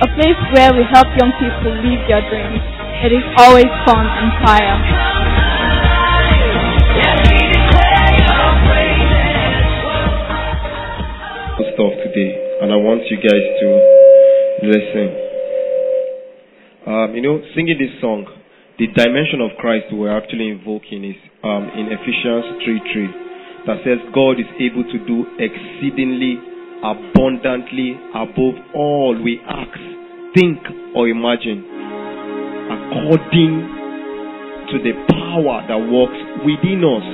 a place where we help young people live their dreams. It is always fun and fire. Stuff today, and I want you guys to listen. Um, you know, singing this song, the dimension of Christ we're actually invoking is um, in Ephesians 3 3 that says, God is able to do exceedingly abundantly above all we ask, think, or imagine, according to the power that works within us.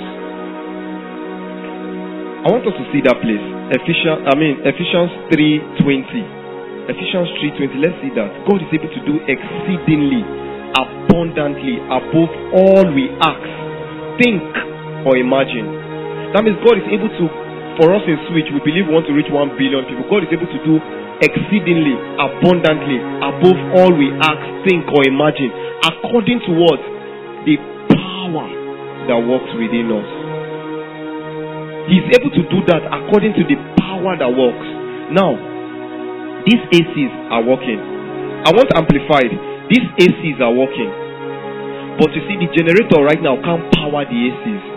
I want us to see that place. Ephesians, I mean Ephesians 3:20. Ephesians 3:20. Let's see that. God is able to do exceedingly abundantly above all we ask, think, or imagine. That means God is able to for us in Switch, we believe we want to reach 1 billion people. God is able to do exceedingly, abundantly, above all we ask, think, or imagine, according to what? The power that works within us. He's able to do that according to the power that works. Now, these ACs are working. I want amplified. These ACs are working. But you see, the generator right now can't power the ACs.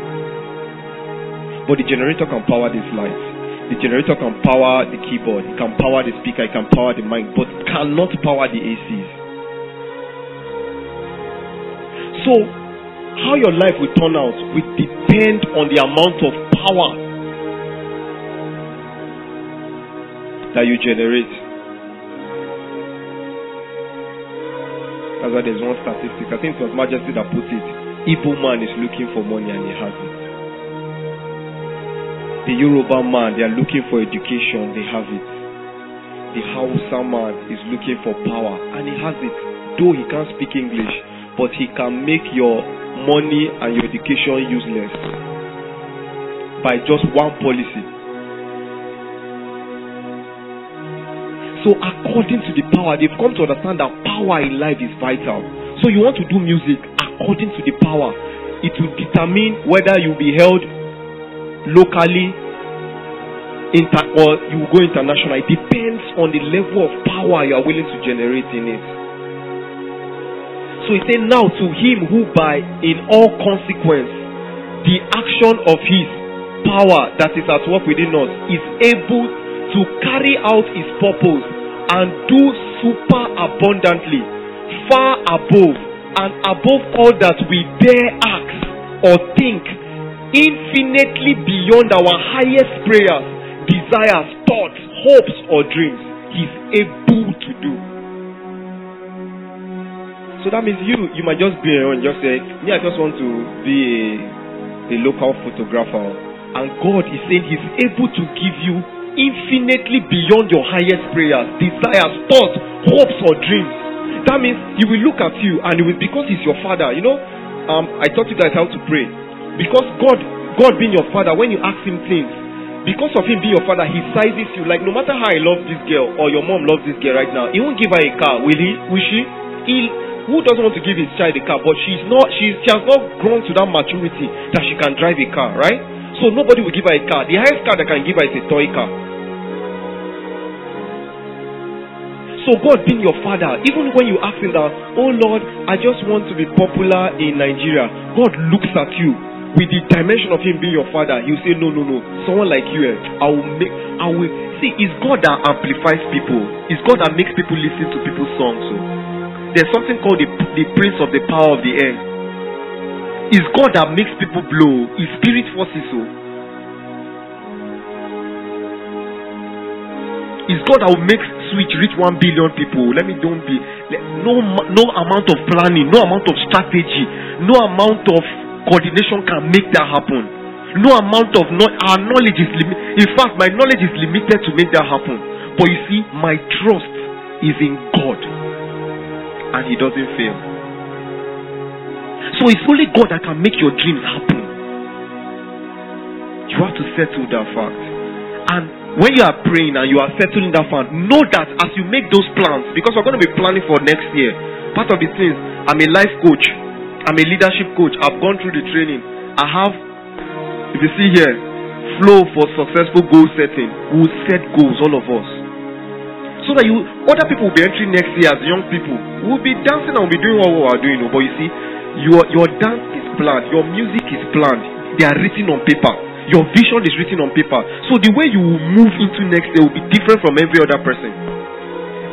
But the generator can power these lights. The generator can power the keyboard, it can power the speaker, it can power the mic, but cannot power the ACs. So, how your life will turn out will depend on the amount of power that you generate. That's why there's one statistic. I think it was Majesty that put it. Evil man is looking for money and he has it. The Yoruba man, they are looking for education, they have it. The Hausa man is looking for power, and he has it. Though he can't speak English, but he can make your money and your education useless by just one policy. So, according to the power, they've come to understand that power in life is vital. So, you want to do music according to the power, it will determine whether you'll be held locally, inter, or you go international. It depends on the level of power you are willing to generate in it. So he said, Now to him who by in all consequence the action of his power that is at work within us is able to carry out his purpose and do super abundantly, far above and above all that we dare ask or think infinitely beyond our highest prayers, desires, thoughts, hopes, or dreams. He's able to do. So that means you, you might just be around, just say, Me, I just want to be a, a local photographer. And God is saying He's able to give you infinitely beyond your highest prayers, desires, thoughts, hopes, or dreams. That means He will look at you and He will, because He's your Father. You know, um, I taught you guys how to pray. Because God, God being your father, when you ask Him things, because of Him being your father, He sizes you. Like, no matter how I love this girl or your mom loves this girl right now, He won't give her a car, will He? Will she? He, who doesn't want to give his child a car? But she's not, she's, she has not grown to that maturity that she can drive a car, right? So nobody will give her a car. The highest car that can give her is a toy car. So God being your father, even when you ask him that, oh Lord, I just want to be popular in Nigeria, God looks at you with the dimension of him being your father, you say, No, no, no. Someone like you, eh, I will make I will see it's God that amplifies people, it's God that makes people listen to people's songs. So. Oh. There's something called the, the prince of the power of the air. It's God that makes people blow, it's spirit forces so. Oh. It's God that will make switch reach one billion people. Let me don't be let, no no amount of planning, no amount of strategy, no amount of coordination can make that happen. No amount of no- our knowledge is limited. In fact, my knowledge is limited to make that happen. But you see, my trust is in God, and He doesn't fail. So it's only God that can make your dreams happen. You have to settle that fact. And when you are praying and you are settling that fact, know that as you make those plans, because we're going to be planning for next year, part of the things, I'm a life coach. I'm a leadership coach. I've gone through the training. I have, if you see here, flow for successful goal setting. We will set goals, all of us. So that you, other people will be entering next year as young people. We'll be dancing and we'll be doing what we are doing. But you see, your, your dance is planned, your music is planned. They are written on paper. Your vision is written on paper. So the way you will move into next year will be different from every other person.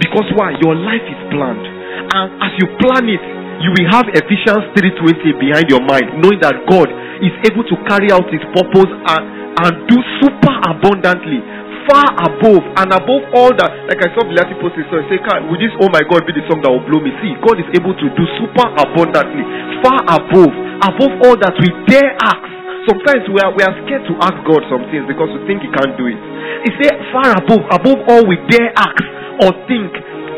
Because why? Your life is planned. And as you plan it, you will have Ephesians 3:20 behind your mind, knowing that God is able to carry out his purpose and, and do super abundantly, far above and above all that. Like I saw last post so I say, Can would this oh my god be the song that will blow me? See, God is able to do super abundantly, far above, above all that we dare ask. Sometimes we are, we are scared to ask God some things because we think He can't do it. He said, far above, above all we dare ask or think,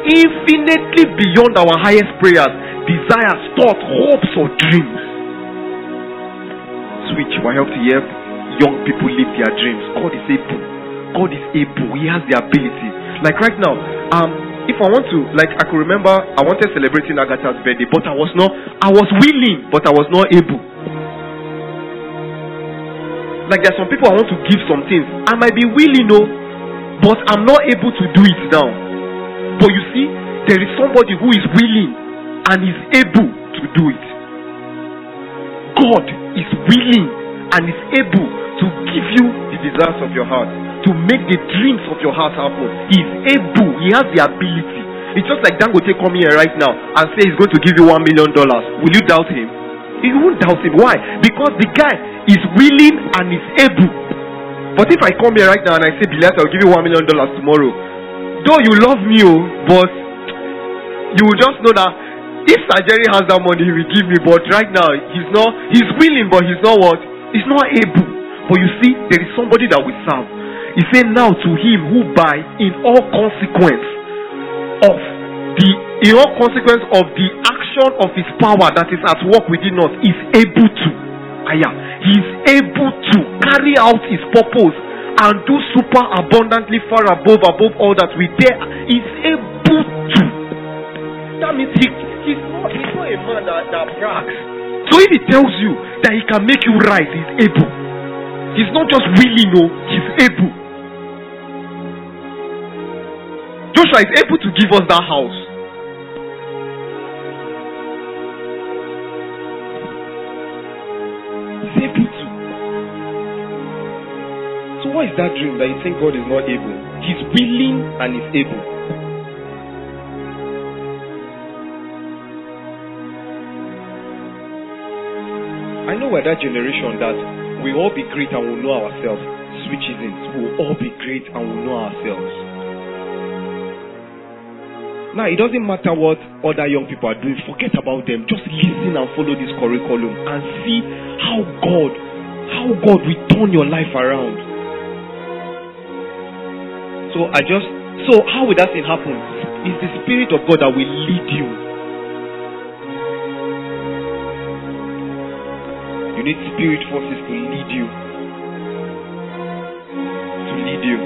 infinitely beyond our highest prayers desires, thoughts, hopes, or dreams. Switch will help to help young people live their dreams. God is able. God is able. He has the ability. Like right now, um, if I want to, like I could remember, I wanted celebrating Agatha's birthday, but I was not. I was willing, but I was not able. Like there are some people I want to give some things. I might be willing, no, oh, but I'm not able to do it now. But you see, there is somebody who is willing and is able to do it. God is willing and is able to give you the desires of your heart, to make the dreams of your heart happen. He is able, He has the ability. It's just like Dangote come here right now and say he's going to give you one million dollars. Will you doubt him? You won't doubt him. Why? Because the guy is willing and is able. But if I come here right now and I say, Bilal, I'll give you one million dollars tomorrow, though you love me, oh, but you will just know that if Sajeri has that money, he will give me. But right now, he's not, he's willing, but he's not what? He's not able. But you see, there is somebody that will serve. He said, Now to him who by in all consequence of the in all consequence of the action of his power that is at work within us is able to. Aya, ah, he is able to carry out his purpose and do super abundantly far above above all that we dare. Is able to. That means he he's not a man that, that brags. So if he tells you that he can make you right, he's able. He's not just willing, no, oh, he's able. Joshua is able to give us that house. He's able to. So, what is that dream that you think God is not able? He's willing and he's able. know we're that generation that we all be great and we'll know ourselves. Switches in. We'll all be great and we'll know ourselves. Now, it doesn't matter what other young people are doing, forget about them. Just listen and follow this curriculum and see how God, how God will turn your life around. So I just so how will that thing happen? It's the spirit of God that will lead you need spirit forces to lead you. To lead you.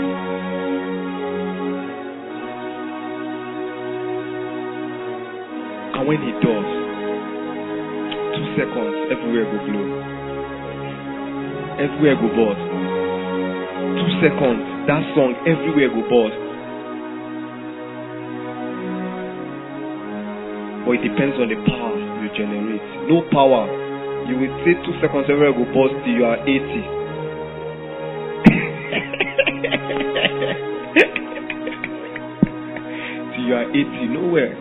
And when he does, two seconds, everywhere go blow. Everywhere go burst. Two seconds, that song, everywhere go burst. But it depends on the power you generate. No power you will take two seconds every will pause till you are 80. till you are 80, nowhere.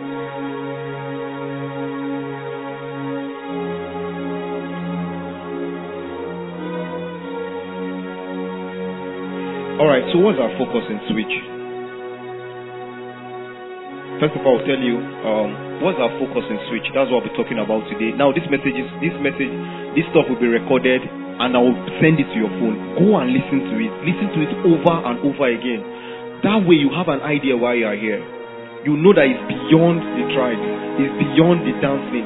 Alright, so what's our focus and switch? First of all, I'll tell you um, what's our focus and switch. That's what I'll be talking about today. Now, this message is this message, this stuff will be recorded, and I will send it to your phone. Go and listen to it. Listen to it over and over again. That way, you have an idea why you are here. You know that it's beyond the tribe, it's beyond the dancing.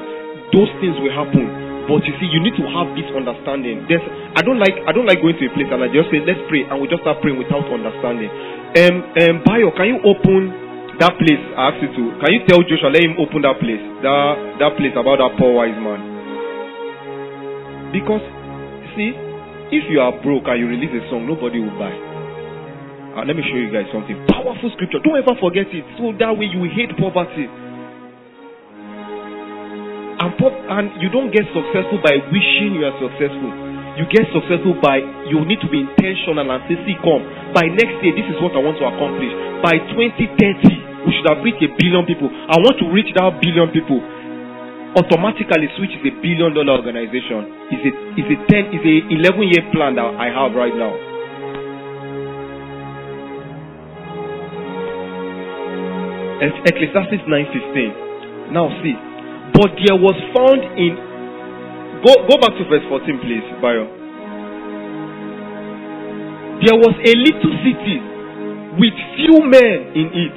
Those things will happen. But you see, you need to have this understanding. There's, I don't like I don't like going to a place and I just say let's pray and we just start praying without understanding. Um, um, Bio, can you open that place I ask you to. Can you tell Joshua, let him open that place? That, that place about that poor wise man. Because, see, if you are broke and you release a song, nobody will buy. Uh, let me show you guys something. Powerful scripture. Don't ever forget it. So that way you will hate poverty. And, pop, and you don't get successful by wishing you are successful. you get successful by you need to be intentional and say, see, come. By next year, this is what I want to accomplish. By 2030, we should have reached a billion people. I want to reach that billion people. Automatically, Switch is a billion dollar organization. Is a is a ten is a eleven year plan that I have right now. Ecclesiastes nine fifteen. Now see, but there was found in go, go back to verse 14, please, Bayo. There was a little city with few men in it,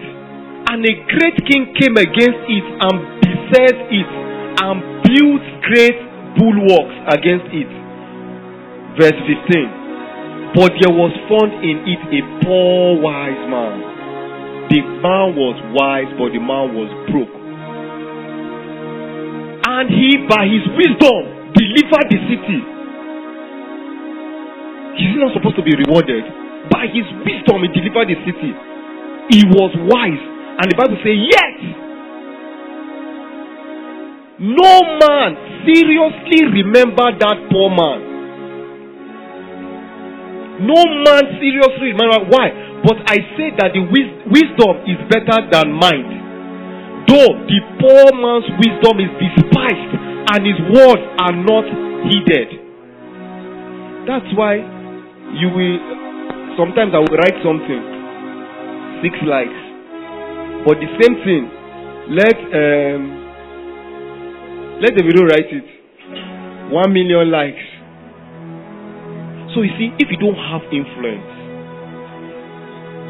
and a great king came against it and beset it and built great bulwarks against it. Verse 15. But there was found in it a poor wise man. The man was wise, but the man was broke. And he, by his wisdom, delivered the city. He's not supposed to be rewarded. By his wisdom, he delivered the city. He was wise. And the Bible says, Yet, no man seriously remembered that poor man. No man seriously remember why. But I say that the wis- wisdom is better than mind. Though the poor man's wisdom is despised and his words are not heeded. That's why you will sometimes I will write something, six likes. But the same thing, let um, let the video write it. One million likes. So you see, if you don't have influence,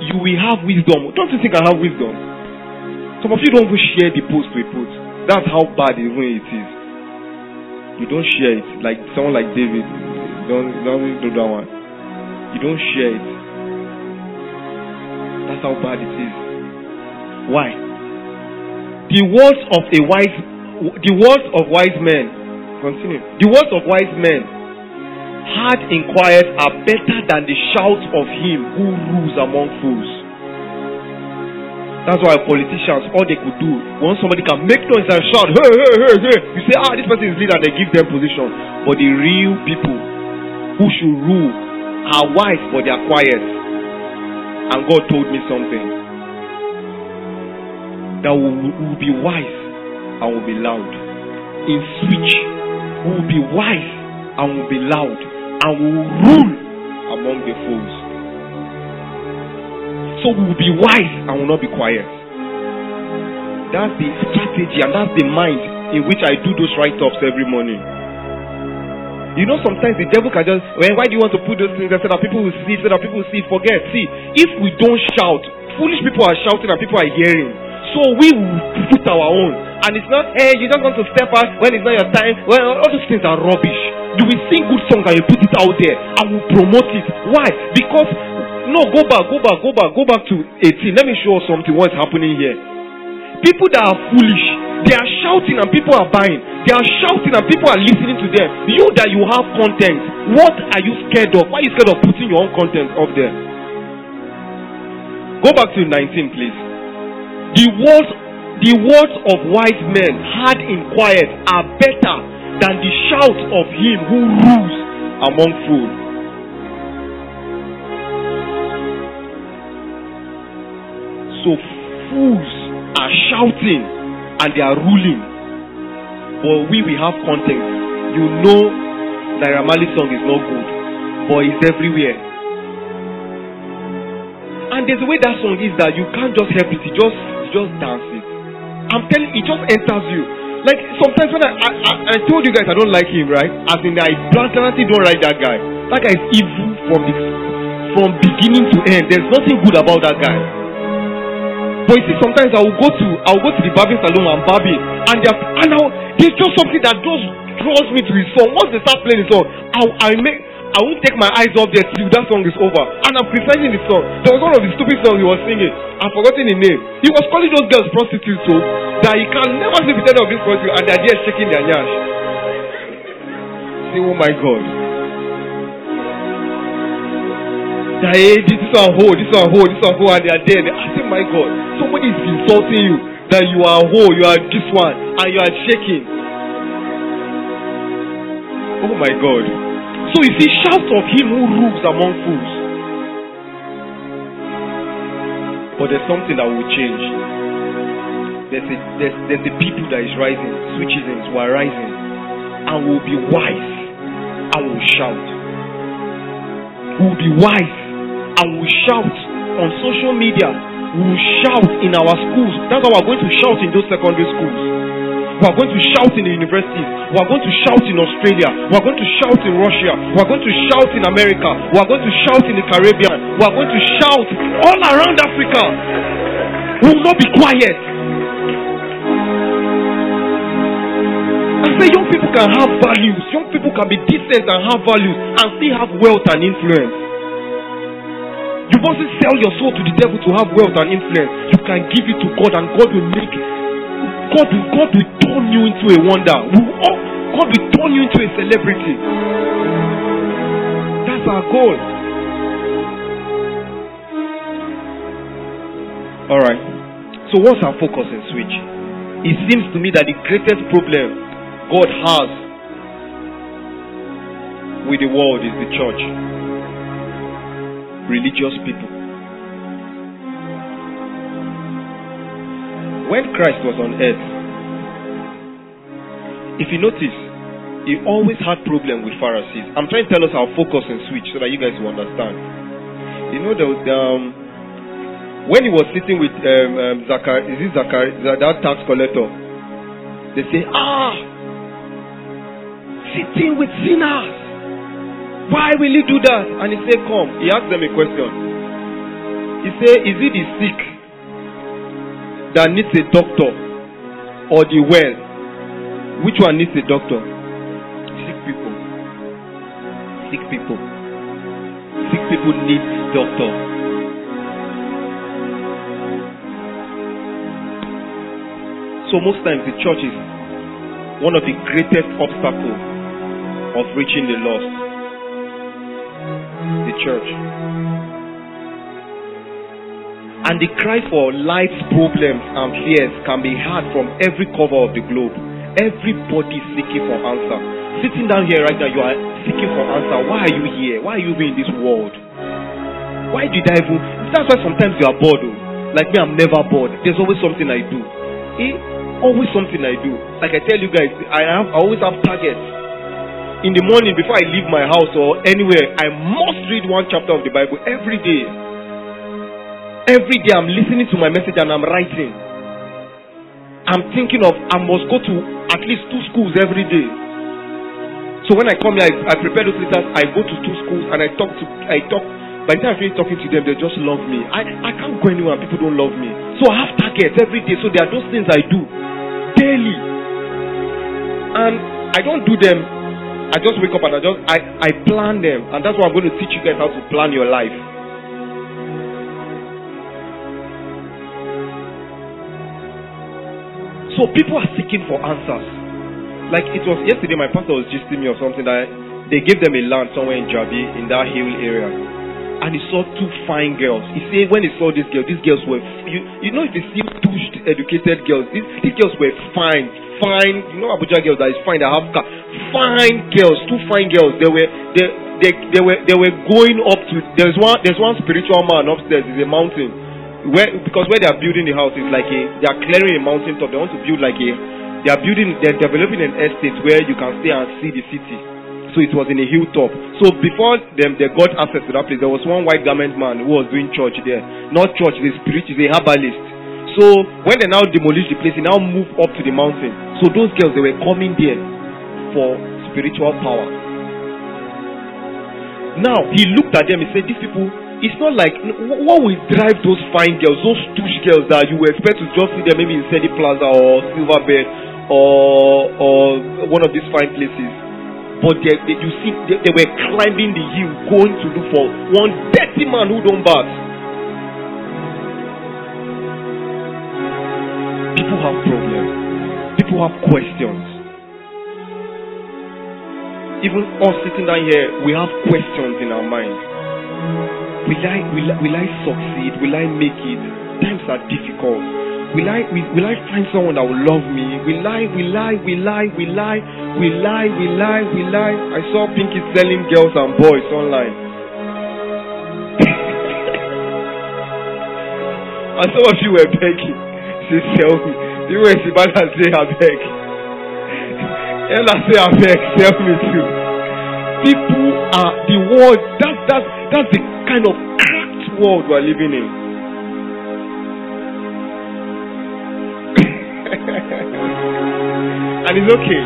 you will have wisdom. Don't you think I have wisdom? Some of you don't even share the post we put. That's how bad even it is you don't share it. Like someone like David, don't don't do that one. You don't share it. That's how bad it is. Why? The words of a wise, the words of wise men. Continue. The words of wise men, hard inquired, are better than the shouts of him who rules among fools. That's why politicians, all they could do, once somebody can make noise and shout, hey, hey, hey, hey, you say, ah, this person is leader, they give them position. But the real people who should rule are wise, but they are quiet. And God told me something that will, will be wise and will be loud. In switch, we will be wise and will be loud and will rule among the fools. So we will be wise and will not be quiet. That's the strategy and that's the mind in which I do those write ups every morning. You know, sometimes the devil can just, well, why do you want to put those things there so that people will see, so that people will see, forget. See, if we don't shout, foolish people are shouting and people are hearing. So we put our own. And it's not, hey, you not want to step out when it's not your time. Well, all those things are rubbish. You will sing good songs and you put it out there and will promote it. Why? Because no, go back, go back, go back, go back to 18. Let me show something what's happening here. People that are foolish, they are shouting and people are buying. They are shouting and people are listening to them. You that you have content, what are you scared of? Why are you scared of putting your own content up there? Go back to 19, please. The words, the words of wise men had in quiet are better than the shout of him who rules among fools. So fools are shouting and they are ruling. But we, we have content. You know Naira Ramali song is not good, but it's everywhere. And there's a way that song is that you can't just help it, you just, you just dance it. I'm telling you, it just enters you. Like sometimes when I, I, I, told you guys I don't like him, right? As in I blatantly don't like that guy. That guy is evil from the from beginning to end. There's nothing good about that guy but you see, sometimes I will go to I will go to the barbing salon and barb and and there and now will there's just something that just draws me to his song. Once they start playing the song, I I make I won't take my eyes off there till that song is over. And I'm criticizing the song. There was one of the stupid songs he was singing. I've forgotten the name. He was calling those girls prostitutes so that he can never sleep with any of these prostitutes and they're there shaking their nyash. See, oh my God. that hey, this is on hold, this is on hold, this is on hold, and they are there. They are saying, my God, somebody is insulting you that you are whole, you are this one, and you are shaking. Oh my God. So you see, shouts of him who rules among fools. But there's something that will change. There's a, there's, there's a people that is rising, switches who are rising, and will be wise and will shout. Will be wise and we'll shout on social media. We'll shout in our schools. That's why we're going to shout in those secondary schools. We're going to shout in the universities. We're going to shout in Australia. We're going to shout in Russia. We're going to shout in America. We're going to shout in the Caribbean. We're going to shout all around Africa. We will not be quiet. say young people can have values. Young people can be decent and have values and still have wealth and influence. You mustn't sell your soul to the devil to have wealth and influence. You can give it to God, and God will make God will God will turn you into a wonder. Oh, God will turn you into a celebrity. That's our goal. All right. So what's our focus and switch? It seems to me that the greatest problem God has with the world is the church religious people. When Christ was on earth, if you notice, he always had problems with Pharisees. I'm trying to tell us our focus and switch so that you guys will understand. You know, there was, um, when he was sitting with um, um, Zachar, is it Zachar, that tax collector? They say, ah, sitting with sinners. Why will you do that? And he said, Come. He asked them a question. He said, Is it the sick that needs a doctor or the well? Which one needs a doctor? Sick people. Sick people. Sick people need doctor. So most times the church is one of the greatest obstacles of reaching the lost church. And the cry for life's problems and fears can be heard from every corner of the globe. Everybody is seeking for answer. Sitting down here right now, you are seeking for answer. Why are you here? Why are you in this world? Why did I even? That's why sometimes you are bored. Oh. Like me, I'm never bored. There's always something I do. Eh? Always something I do. Like I tell you guys, I, have, I always have targets in the morning before I leave my house or anywhere, I must read one chapter of the Bible every day. Every day I'm listening to my message and I'm writing. I'm thinking of I must go to at least two schools every day. So when I come here, I, I prepare those letters, I go to two schools and I talk to I talk by the time I finish talking to them, they just love me. I, I can't go anywhere and people don't love me. So I have targets every day. So there are those things I do daily. And I don't do them I just wake up and I just I, I plan them, and that's what I'm going to teach you guys how to plan your life. So people are seeking for answers. Like it was yesterday, my pastor was gisting me or something that they gave them a land somewhere in Jabi in that hill area, and he saw two fine girls. He said when he saw this girl, these girls were you, you know if they see pushed educated girls, these, these girls were fine, fine. You know Abuja girls that is fine I have car, fine girls, two fine girls. They were they they, they were they were going up to there's one there's one spiritual man upstairs, It's a mountain. Where because where they are building the house is like a they are clearing a mountain top. They want to build like a they are building they're developing an estate where you can stay and see the city. So it was in a hilltop. So before them they got access to that place, there was one white garment man who was doing church there. Not church, the spirit is a herbalist. So when they now demolish the place, they now move up to the mountain. So those girls they were coming there for spiritual power. Now he looked at them and said, These people, it's not like what will drive those fine girls, those douche girls that you expect to just see them maybe in Sandy Plaza or Bed or, or one of these fine places. But they, they you see, they, they were climbing the hill going to look for one dirty man who don't bath. People have problems. People have questions even us sitting down here, we have questions in our mind. Will I, will, will I succeed? Will I make it? Times are difficult. Will I, will, will I find someone that will love me? Will I, will I, will I, will I, will I, will I, will I? I saw Pinky selling girls and boys online. and some of you were begging. She sells me. You were Sibana say, I beg. And I say, I'm excel with you. People are the world. That, that, that's the kind of cracked world we're living in. and it's okay.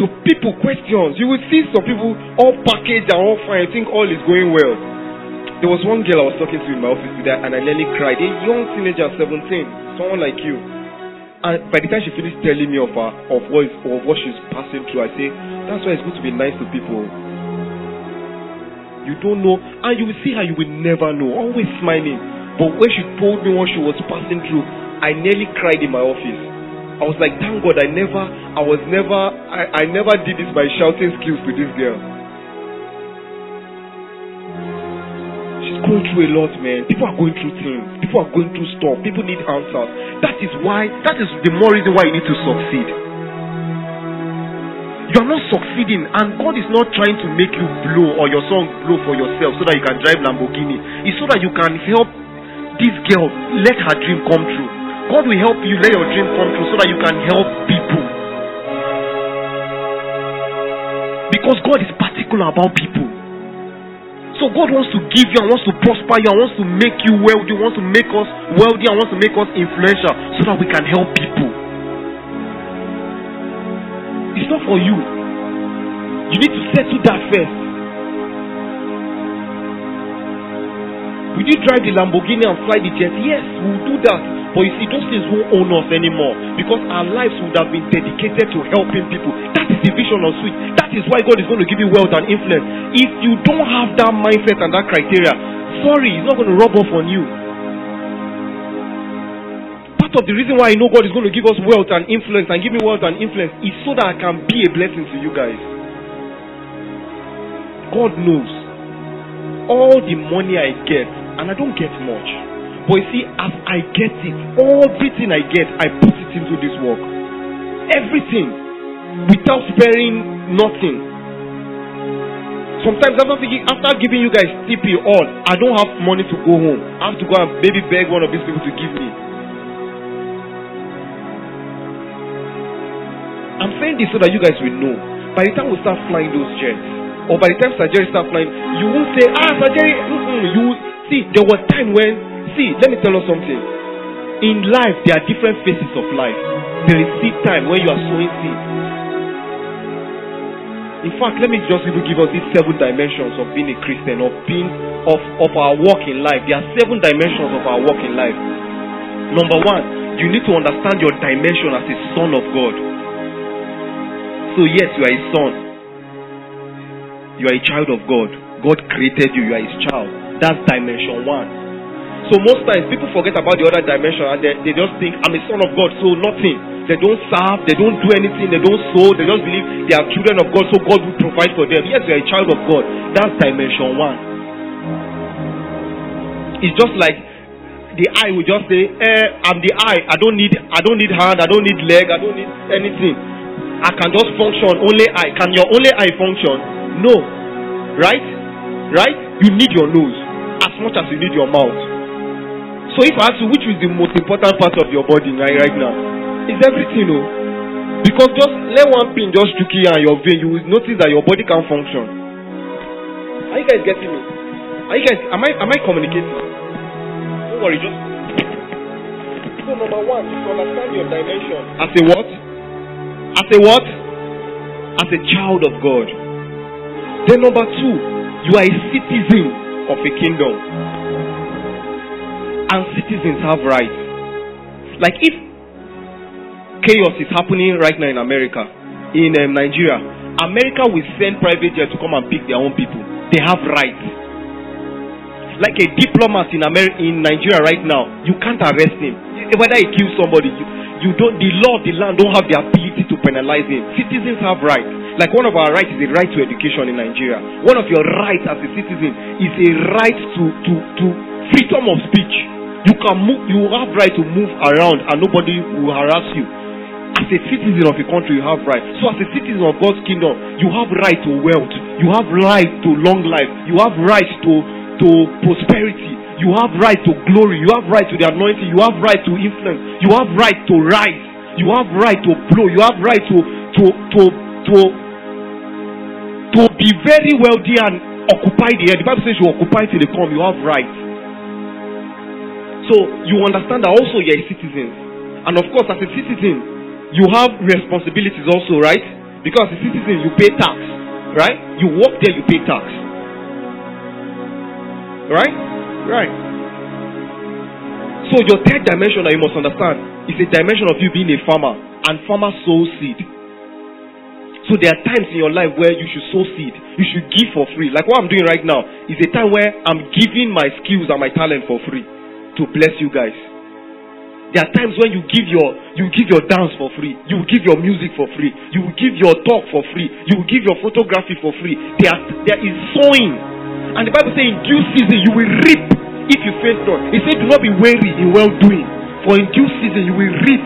So people questions. You will see some people all packaged and all fine. I think all is going well. There was one girl I was talking to in my office today, and I nearly cried. A young teenager, 17, someone like you. And by the time she finished telling me of her, of what is, of what she's passing through, I say, that's why it's good to be nice to people. You don't know, and you will see her. You will never know. Always smiling. But when she told me what she was passing through, I nearly cried in my office. I was like, thank God, I never, I was never, I, I never did this by shouting skills to this girl. going through a lot, man. People are going through things. People are going through stuff. People need answers. That is why, that is the more reason why you need to succeed. You are not succeeding, and God is not trying to make you blow or your song blow for yourself so that you can drive Lamborghini. It's so that you can help this girl let her dream come true. God will help you let your dream come true so that you can help people. Because God is particular about people. So God wants to give you and wants to prosper you and wants to make you wealthy, wants to make us wealthy and wants to make us influential so that we can help people. It's not for you. You need to settle that first. Would you drive the Lamborghini and fly the jet? Yes, we'll do that. But you see, those things won't own us anymore because our lives would have been dedicated to helping people. That is the vision of Sweet. That is why God is going to give you wealth and influence. If you don't have that mindset and that criteria, sorry, it's not going to rub off on you. Part of the reason why I know God is going to give us wealth and influence and give me wealth and influence is so that I can be a blessing to you guys. God knows all the money I get and I don't get much. But you see, as I get it, everything I get, I put it into this work. Everything. Without sparing nothing. Sometimes not thinking, after giving you guys TP all, I don't have money to go home. I have to go and maybe beg one of these people to give me. I'm saying this so that you guys will know. By the time we start flying those jets, or by the time Sajeri start flying, you won't say, ah, Sajeri, you, See, there was time when, see, let me tell you something. In life, there are different phases of life. There is seed time when you are sowing seed. In fact, let me just even give us these seven dimensions of being a Christian, of being of, of our walk in life. There are seven dimensions of our walk in life. Number one, you need to understand your dimension as a son of God. So, yes, you are a son. You are a child of God. God created you, you are his child. That's dimension one. So most times people forget about the other dimension and they, they, just think I'm a son of God, so nothing. They don't serve, they don't do anything, they don't sow, they just believe they are children of God, so God will provide for them. Yes, you're a child of God. That's dimension one. It's just like the eye will just say, eh, I'm the eye, I don't need I don't need hand, I don't need leg, I don't need anything. I can just function only eye. Can your only eye function? No. Right? Right? You need your nose as much as you need your mouth. So if I ask you which is the most important part of your body right, right now, it's everything, you oh. know. Because just let one pin just to you and your vein, you will notice that your body can function. Are you guys getting me? Are you guys am I am I communicating? Don't worry, just so number one you to understand your dimension. As a what? As a what? As a child of God. Then number two, you are a citizen of a kingdom. And citizens have rights. Like if chaos is happening right now in America, in um, Nigeria, America will send private jets to come and pick their own people. They have rights. Like a diplomat in, Amer- in Nigeria right now, you can't arrest him. Whether he kills somebody, you- you don't the law the land don't have the ability to penalize him. Citizens have rights. Like one of our rights is a right to education in Nigeria. One of your rights as a citizen is a right to to, to freedom of speech. You can move you have right to move around and nobody will harass you. As a citizen of a country, you have right. So, as a citizen of God's kingdom, you have right to wealth, you have right to long life, you have right to, to prosperity, you have right to glory. You have right to the anointing. You have right to influence. You have right to rise. You have right to blow. You have right to to to to to be very wealthy and occupy the air. The Bible says you occupy till they come. You have right. So you understand that also you're a citizen, and of course as a citizen, you have responsibilities also, right? Because as a citizen, you pay tax, right? You work there, you pay tax, right? Right. So your third dimension that you must understand is a dimension of you being a farmer and farmer sow seed. So there are times in your life where you should sow seed. You should give for free. Like what I'm doing right now is a time where I'm giving my skills and my talent for free to bless you guys. There are times when you give your you give your dance for free, you give your music for free, you give your talk for free, you give your photography for free. There, there is sowing and the Bible says, in due season you will reap if you fail not. He said, do not be weary in well doing, for in due season you will reap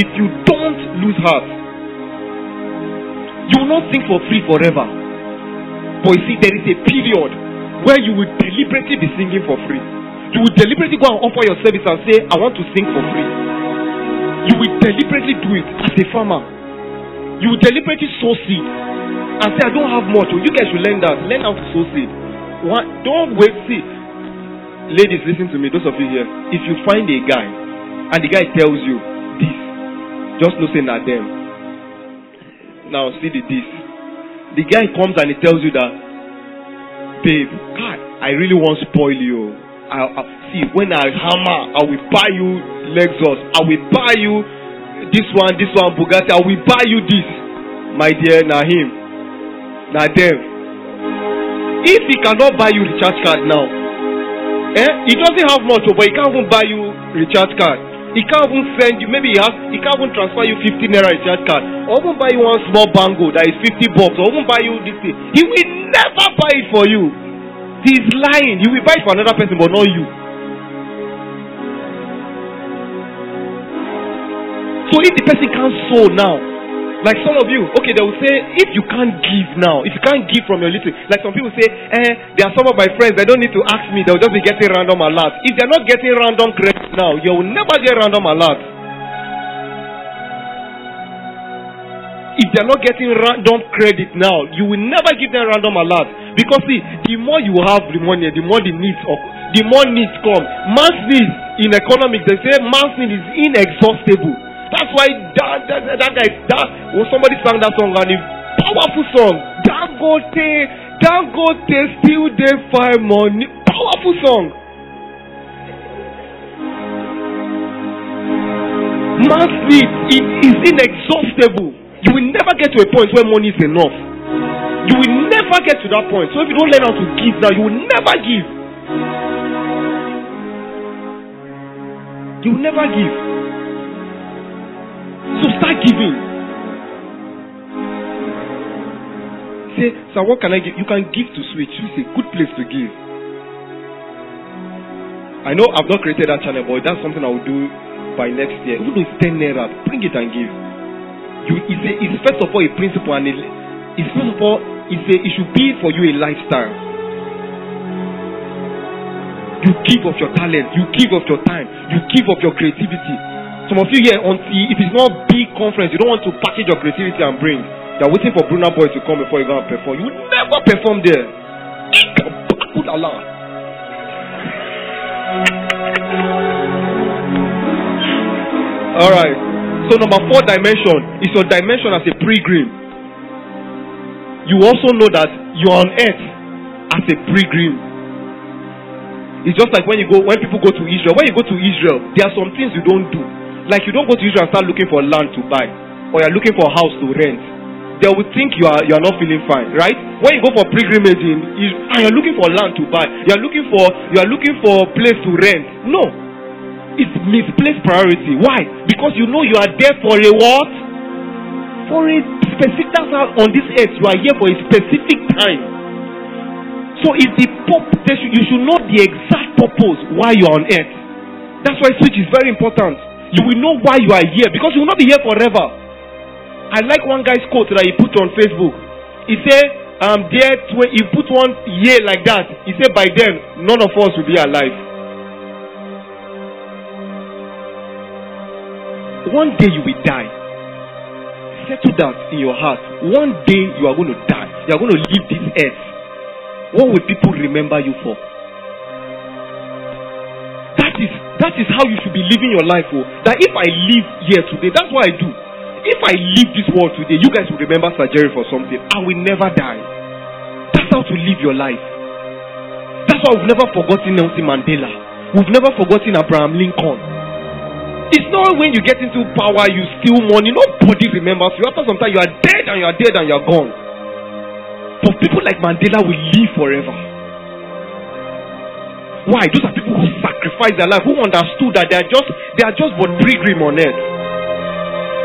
if you don't lose heart. You will not sing for free forever. But you see, there is a period where you will deliberately be singing for free. You will deliberately go and offer your service and say, I want to sing for free. You will deliberately do it as a farmer. You will deliberately sow seed and say, I don't have much. You guys should learn that. Learn how to sow seed. One, don't wait. See, ladies, listen to me. Those of you here, if you find a guy and the guy tells you this, just listen at them. Now see the this. The guy comes and he tells you that, babe, God, I really won't spoil you. I, I, see, when I hammer, I will buy you Lexus. I will buy you this one, this one Bugatti. I will buy you this, my dear Nahim, Nahim. If he cannot buy you recharge card now, eh, he doesn't have much, oh, but he can't even buy you recharge card. He can't even send you, maybe he, has, he can't even transfer you 50 naira recharge card, or even buy you one small bango that is 50 bucks, or even buy you this thing. He will never buy it for you. He's lying. He will buy it for another person, but not you. So if the person can't sow now, like some of you, okay, they will say, if you can't give now, if you can't give from your little, like some people say, eh, they are some of my friends, they don't need to ask me, they'll just be getting random alerts. If they're not getting random credit now, you will never get random alerts. If they're not getting random credit now, you will never give them random alerts. Because see, the more you have the money, the more the needs occur, the more needs come. Man's needs in economics, they say man's need is inexhaustible. That's why that, that, that guy, that, when somebody sang that song and a powerful song. Dangote, Dangote still they find money. Powerful song. Man's need it is inexhaustible. You will never get to a point where money is enough. You will never get to that point. So if you don't learn how to give now, you will never give. You will never give start giving. Say, sir, what can I give? You can give to switch. It's a good place to give. I know I've not created that channel, but that's something I will do by next year. Even though it's 10 naira, bring it and give. You, it's, a, it's first of all a principle, and it's first of all, it's a, it should be for you a lifestyle. You give of your talent. You give of your time. You give of your creativity some of you here, on, if it's not big conference, you don't want to package your creativity and bring. They are waiting for bruno Boy to come before you go and perform. You will never perform there. All right. So number four dimension is your dimension as a pilgrim. You also know that you are on earth as a pilgrim. It's just like when you go when people go to Israel. When you go to Israel, there are some things you don't do. Like you don't go to Israel and start looking for land to buy, or you're looking for a house to rent. They will think you are you are not feeling fine, right? When you go for pilgrimage in and you're looking for land to buy, you're looking for you are looking for place to rent. No, it's misplaced priority. Why? Because you know you are there for a what? For a specific time on this earth. You are here for a specific time. So it's the purpose. You should know the exact purpose why you are on earth. That's why switch is very important you will know why you are here because you will not be here forever. I like one guy's quote that he put on Facebook. He said, I'm there to, he put one year like that. He said, by then, none of us will be alive. One day you will die. Settle that in your heart. One day you are going to die. You are going to leave this earth. What will people remember you for? That is how you should be living your life. Oh. That if I live here today, that's what I do. If I leave this world today, you guys will remember Sir Jerry for something. I will never die. That's how to live your life. That's why we've never forgotten Nelson Mandela. We've never forgotten Abraham Lincoln. It's not when you get into power, you steal money. Nobody remembers you. After some time, you are dead and you are dead and you are gone. But people like Mandela will live forever. Why? Those are people who sacrificed their life, who understood that they are just they are just but pilgrim on earth.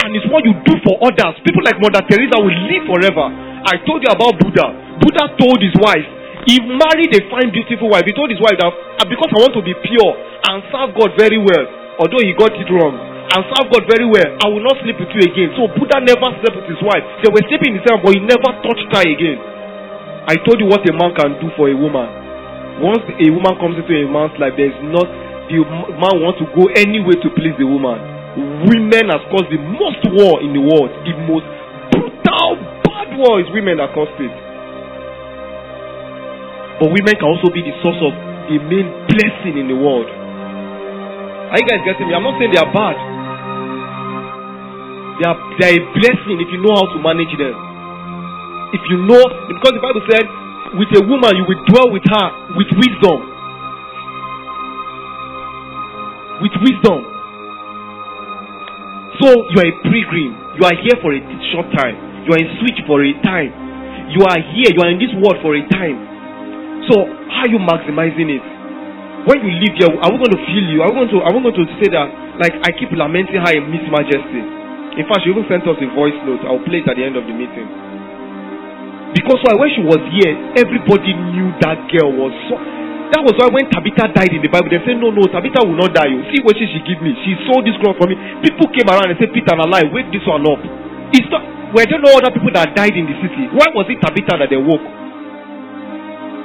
And it's what you do for others. People like Mother Teresa will live forever. I told you about Buddha. Buddha told his wife, he married a fine, beautiful wife. He told his wife that ah, because I want to be pure and serve God very well, although he got it wrong, and serve God very well, I will not sleep with you again. So Buddha never slept with his wife. They were sleeping in the same, but he never touched her again. I told you what a man can do for a woman. Once a woman comes into a man's life, there is not the man wants to go anywhere to please the woman. Women has caused the most war in the world, the most brutal bad war is women that caused it. But women can also be the source of the main blessing in the world. Are you guys getting me? I'm not saying they are bad. They are, they are a blessing if you know how to manage them. If you know, because the Bible said with a woman, you will dwell with her with wisdom. With wisdom. So you are a pilgrim. You are here for a short time. You are in switch for a time. You are here. You are in this world for a time. So how are you maximizing it? When you leave here, are we going to feel you? Are we going to? Are we going to say that? Like I keep lamenting how I Miss Majesty. In fact, she even sent us a voice note. I'll play it at the end of the meeting. Because why? When she was here, everybody knew that girl was. So, that was why when Tabitha died in the Bible, they said, No, no, Tabitha will not die. You see what she, she give me. She sold this girl for me. People came around and said, Peter, I'm alive. Wake this one up. It's not. Were there no other people that died in the city? Why was it Tabitha that they woke?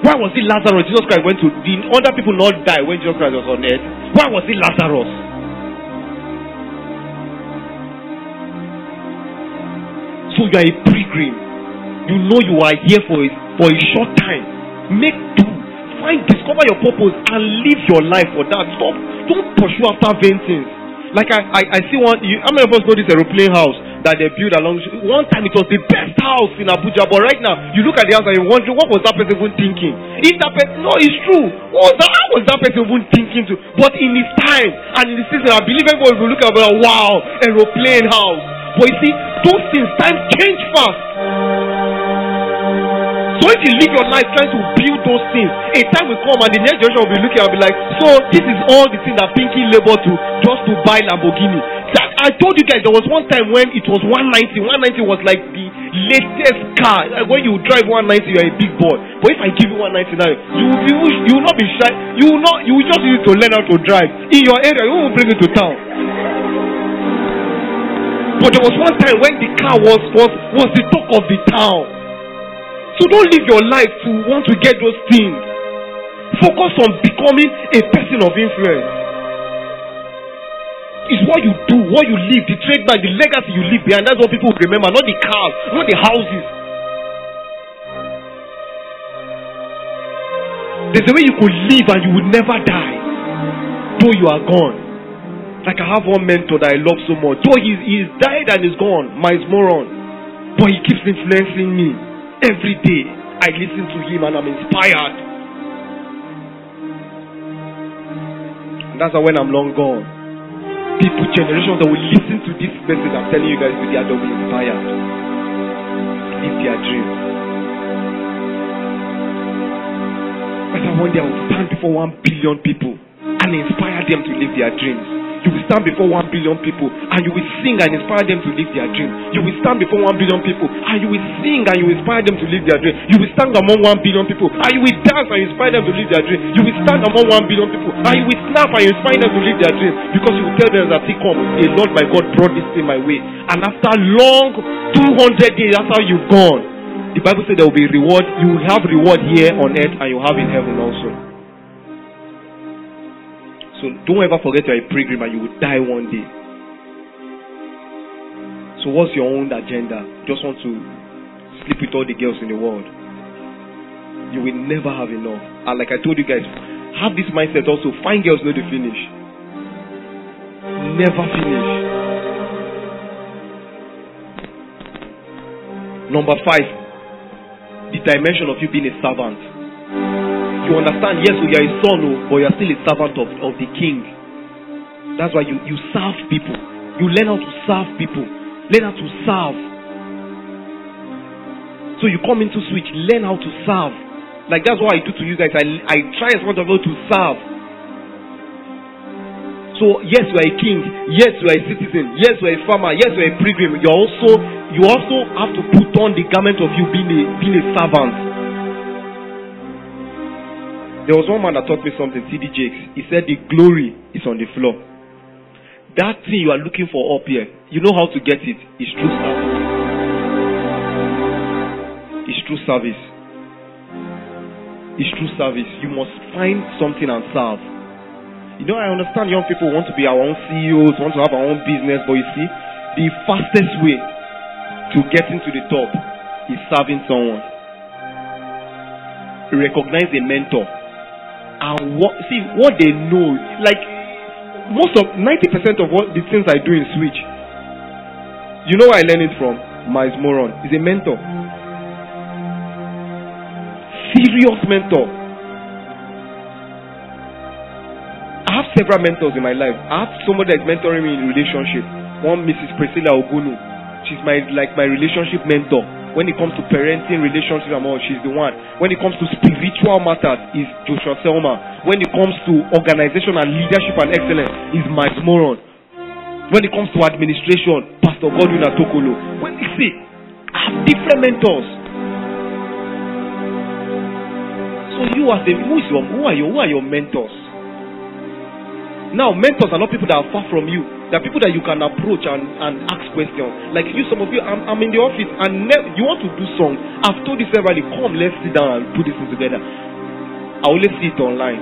Why was it Lazarus? Jesus Christ went to. Did other people not die when Jesus Christ was on earth? Why was it Lazarus? So you are a pilgrim. You know you are here for a, for a short time. Make do. Find, discover your purpose and live your life for that. Stop. Don't pursue after vain things. Like I, I, I see one. You, how many of us know this aeroplane house that they built along? One time it was the best house in Abuja, but right now you look at the house and you wonder what was that person even thinking? If that person, no, it's true. What was that? How was that person even thinking to? But in his time and in the season, I believe everyone will look at it, wow, aeroplane house. But you see, those things, time change fast going to live your life trying to build those things, a time will come and the next generation will be looking and be like, so this is all the things that Pinky labored to just to buy Lamborghini. That, I told you guys there was one time when it was 190. 190 was like the latest car. Like when you drive 190, you are a big boy. But if I give you 190 now, you will, be, you will not be shy. You will not. You will just need to learn how to drive in your area. You will bring it to town. But there was one time when the car was was, was the talk of the town. So don't live your life to want to get those things. Focus on becoming a person of influence. It's what you do, what you leave, the trademark, the legacy you leave behind. That's what people remember, not the cars, not the houses. There's a way you could live and you would never die, though you are gone. Like I have one mentor that I love so much. Though he's he's died and is gone, my moron, but he keeps influencing me. Every day I listen to him and I'm inspired. And that's why when I'm long gone, people, generations that will listen to this message I'm telling you guys today, they'll be inspired. Live their dreams. That's how one day I will stand before one billion people and inspire them to live their dreams. You will stand before one billion people and you will sing and inspire them to live their dream. You will stand before one billion people and you will sing and you will inspire them to live their dream. You will stand among one billion people and you will dance and inspire them to live their dream. You will stand among one billion people and you will snap and inspire them to live their dream because you will tell them that they come. The Lord my God brought this in my way. And after long 200 days after you've gone, the Bible said there will be reward. You will have reward here on earth and you have in heaven also. So don't ever forget you're a pilgrim and you will die one day. So what's your own agenda? Just want to sleep with all the girls in the world. You will never have enough. And like I told you guys, have this mindset also. Find girls know the finish. Never finish. Number five, the dimension of you being a servant. You understand, yes, you are a son, oh, but you are still a servant of, of the king. That's why you, you serve people. You learn how to serve people. Learn how to serve. So you come into switch, learn how to serve. Like that's what I do to you guys. I, I try as much as possible to serve. So yes, you are a king. Yes, you are a citizen. Yes, you are a farmer. Yes, you are a pilgrim. You also you also have to put on the garment of you being a being a servant. There was one man that taught me something, C.D. Jakes. He said, The glory is on the floor. That thing you are looking for up here, you know how to get it. It's true service. It's true service. It's true service. You must find something and serve. You know, I understand young people want to be our own CEOs, want to have our own business, but you see, the fastest way to getting to the top is serving someone. Recognize a mentor are what see what they know. Like most of ninety percent of what the things I do in Switch. You know where I learned it from? Miles Moron. He's a mentor. Serious mentor. I have several mentors in my life. I have somebody that's mentoring me in relationship. One Mrs. Priscilla Ogunu. She's my like my relationship mentor. When it comes to parenting, relationships, and all, she's the one. When it comes to spiritual matters, is Joshua Selma. When it comes to organization and leadership and excellence, is Mike Moron. When it comes to administration, Pastor Godwin Atokolo. When you see, I have different mentors. So you as the who is your who are your who are your mentors? Now mentors are not people that are far from you. There are people that you can approach and, and ask questions. Like you, some of you, I'm, I'm in the office and ne- you want to do songs. I've told this everybody, come, let's sit down and put this thing together. I only see it online.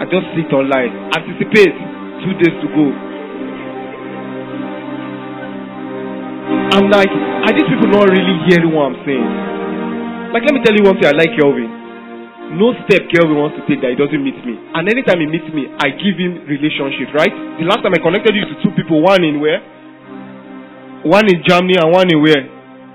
I just see it online. Anticipate two days to go. I'm like, are these people not really hearing what I'm saying? Like, let me tell you one thing I like Kelvin no step Kelvin wants to take that he doesn't meet me. And anytime he meets me, I give him relationship, right? The last time I connected you to two people, one in where? One in Germany and one in where?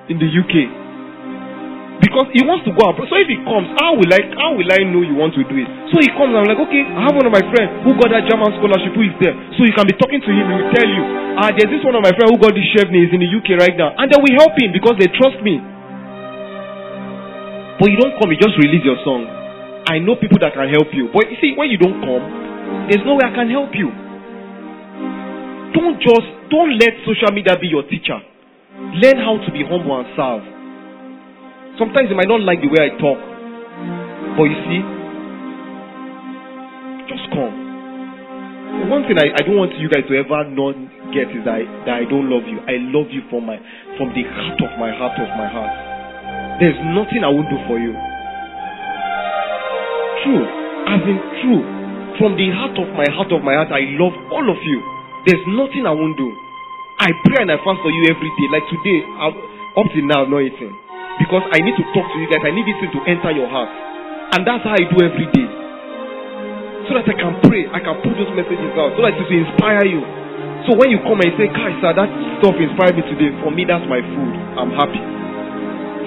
In the UK. Because he wants to go abroad. So if he comes, how will I how will I know you want to do it? So he comes, I'm like, okay, I have one of my friends who got that German scholarship who is there. So you can be talking to him, he will tell you, ah, there's this one of my friends who got this chef is in the UK right now. And they will help him because they trust me. But you don't come, you just release your song. I know people that can help you. But you see, when you don't come, there's no way I can help you. Don't just, don't let social media be your teacher. Learn how to be humble and serve. Sometimes you might not like the way I talk. But you see, just come. One thing I, I don't want you guys to ever not get is that I, that I don't love you. I love you from my from the heart of my heart of my heart. There's nothing I won't do for you true, I've been true. From the heart of my heart of my heart, I love all of you. There's nothing I won't do. I pray and I fast for you every day. Like today, I'm, up till now, no eating. Because I need to talk to you guys. I need this thing to enter your heart. And that's how I do every day. So that I can pray. I can put those messages out. So that it will inspire you. So when you come and say, Kai, sir, that stuff inspired me today. For me, that's my food. I'm happy.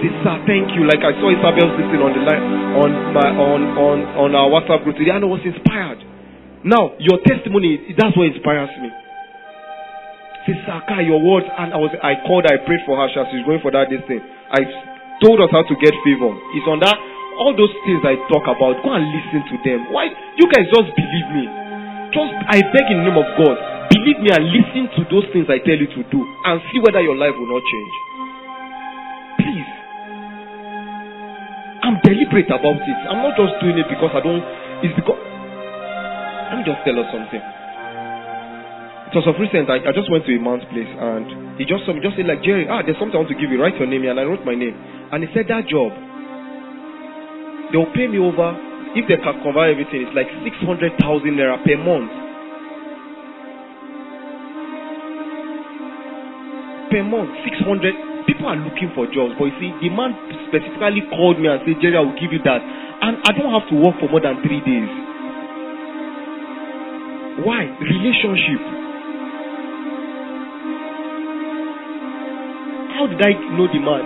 Sister, thank you. Like I saw Isabel sitting on the line on my on on on our WhatsApp group today, and I was inspired. Now your testimony, that's what inspires me. Sister your words, and I was I called, I prayed for her she's going for that this thing. I told us how to get favor. It's on that all those things I talk about. Go and listen to them. Why you guys just believe me? Just I beg in the name of God, believe me and listen to those things I tell you to do, and see whether your life will not change. Please. I'm deliberate about it. I'm not just doing it because I don't. It's because. Let me just tell us something. It was of recent. I, I just went to a man's place and he just saw me. Just said like Jerry, ah, there's something I want to give you. Write your name here, and I wrote my name. And he said that job. They'll pay me over if they can cover everything. It's like six hundred thousand naira per month. Per month, six hundred people are looking for jobs, but you see, the man specifically called me and said, Jerry, I will give you that. And I don't have to work for more than three days. Why? Relationship. How did I know the man?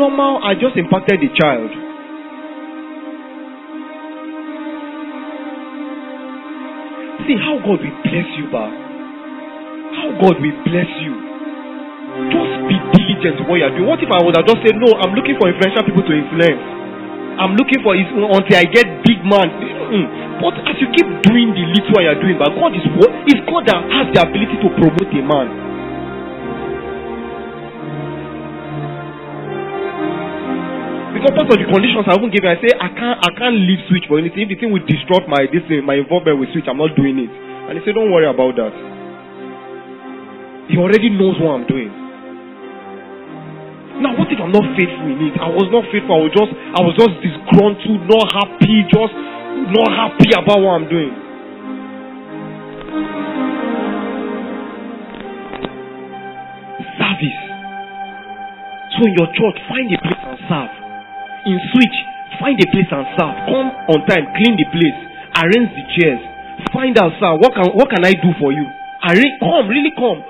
Normal, I just impacted the child. See how God will bless you, Ba. How God will bless you. Just be diligent what you are doing. What if I would have just said, No, I'm looking for influential people to influence? I'm looking for his, until I get big man. Mm. But as you keep doing the little you are doing, but God is what is God that has the ability to promote a man. Because part of the conditions I haven't given, I say I can't I can't leave switch for anything. If the thing will disrupt my this my involvement with switch, I'm not doing it. And he said, Don't worry about that. He already knows what I'm doing. Now, what did I'm not faithful in I was not faithful. I was just, I was just disgruntled, not happy, just not happy about what I'm doing. Service. So in your church, find a place and serve. In switch, find a place and serve. Come on time, clean the place, arrange the chairs. Find out, sir, what can what can I do for you? Arrange, come, really come.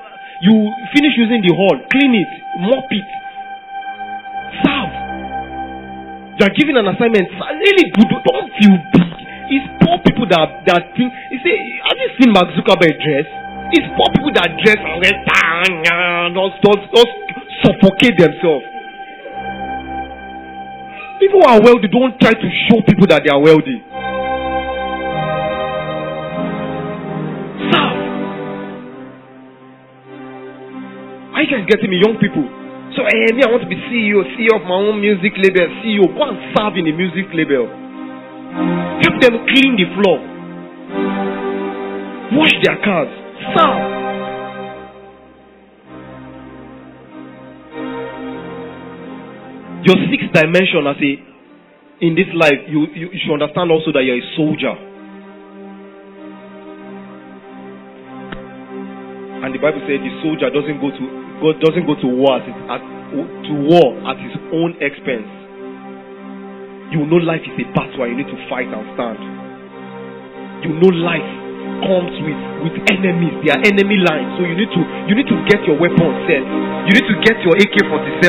You finish using the hall, clean it, mop it, You are given an assignment. Really, don't you big. It's poor people that that think. You see, have you seen Mark Zuckerberg dress? It's poor people that dress don't, don't, don't suffocate themselves. People who are wealthy don't try to show people that they are wealthy. Serve. Are you guys getting me, young people? So, hey, eh, me, I want to be CEO, CEO of my own music label, CEO. Go and serve in the music label. Help them clean the floor. Wash their cars. Serve. Your sixth dimension I say, in this life, you, you, you should understand also that you're a soldier. the Bible said the soldier doesn't go to God doesn't go to war at, his, at to war at his own expense. You know life is a battle you need to fight and stand. You know life comes with with enemies, their enemy lines. So you need to you need to get your weapon set. You need to get your AK-47.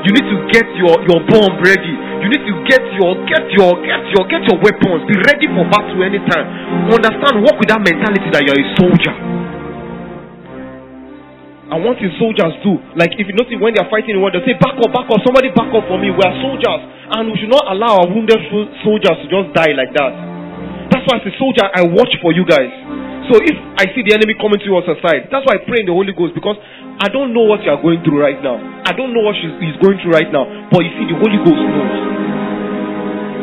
You need to get your your bomb ready. You need to get your get your get your get your weapons. Be ready for battle anytime. Understand? Work with that mentality that you're a soldier. And what the soldiers do, like if you notice when they are fighting the war, they say, Back up, back up, somebody back up for me. We are soldiers. And we should not allow our wounded soldiers to just die like that. That's why, as a soldier, I watch for you guys. So if I see the enemy coming to your side, that's why I pray in the Holy Ghost because I don't know what you are going through right now. I don't know what he's going through right now. But you see, the Holy Ghost knows.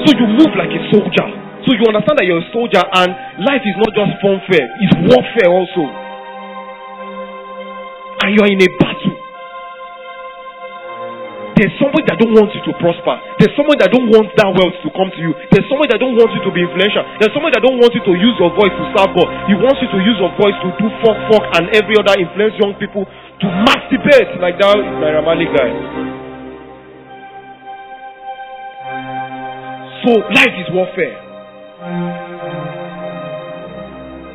So you move like a soldier. So you understand that you're a soldier and life is not just funfair, it's warfare also and you are in a battle. There's someone that don't want you to prosper. There's someone that don't want that wealth to come to you. There's someone that don't want you to be influential. There's someone that don't want you to use your voice to serve God. He wants you to use your voice to do fuck fuck and every other influence young people to masturbate like that my Ramali guy. So life is warfare.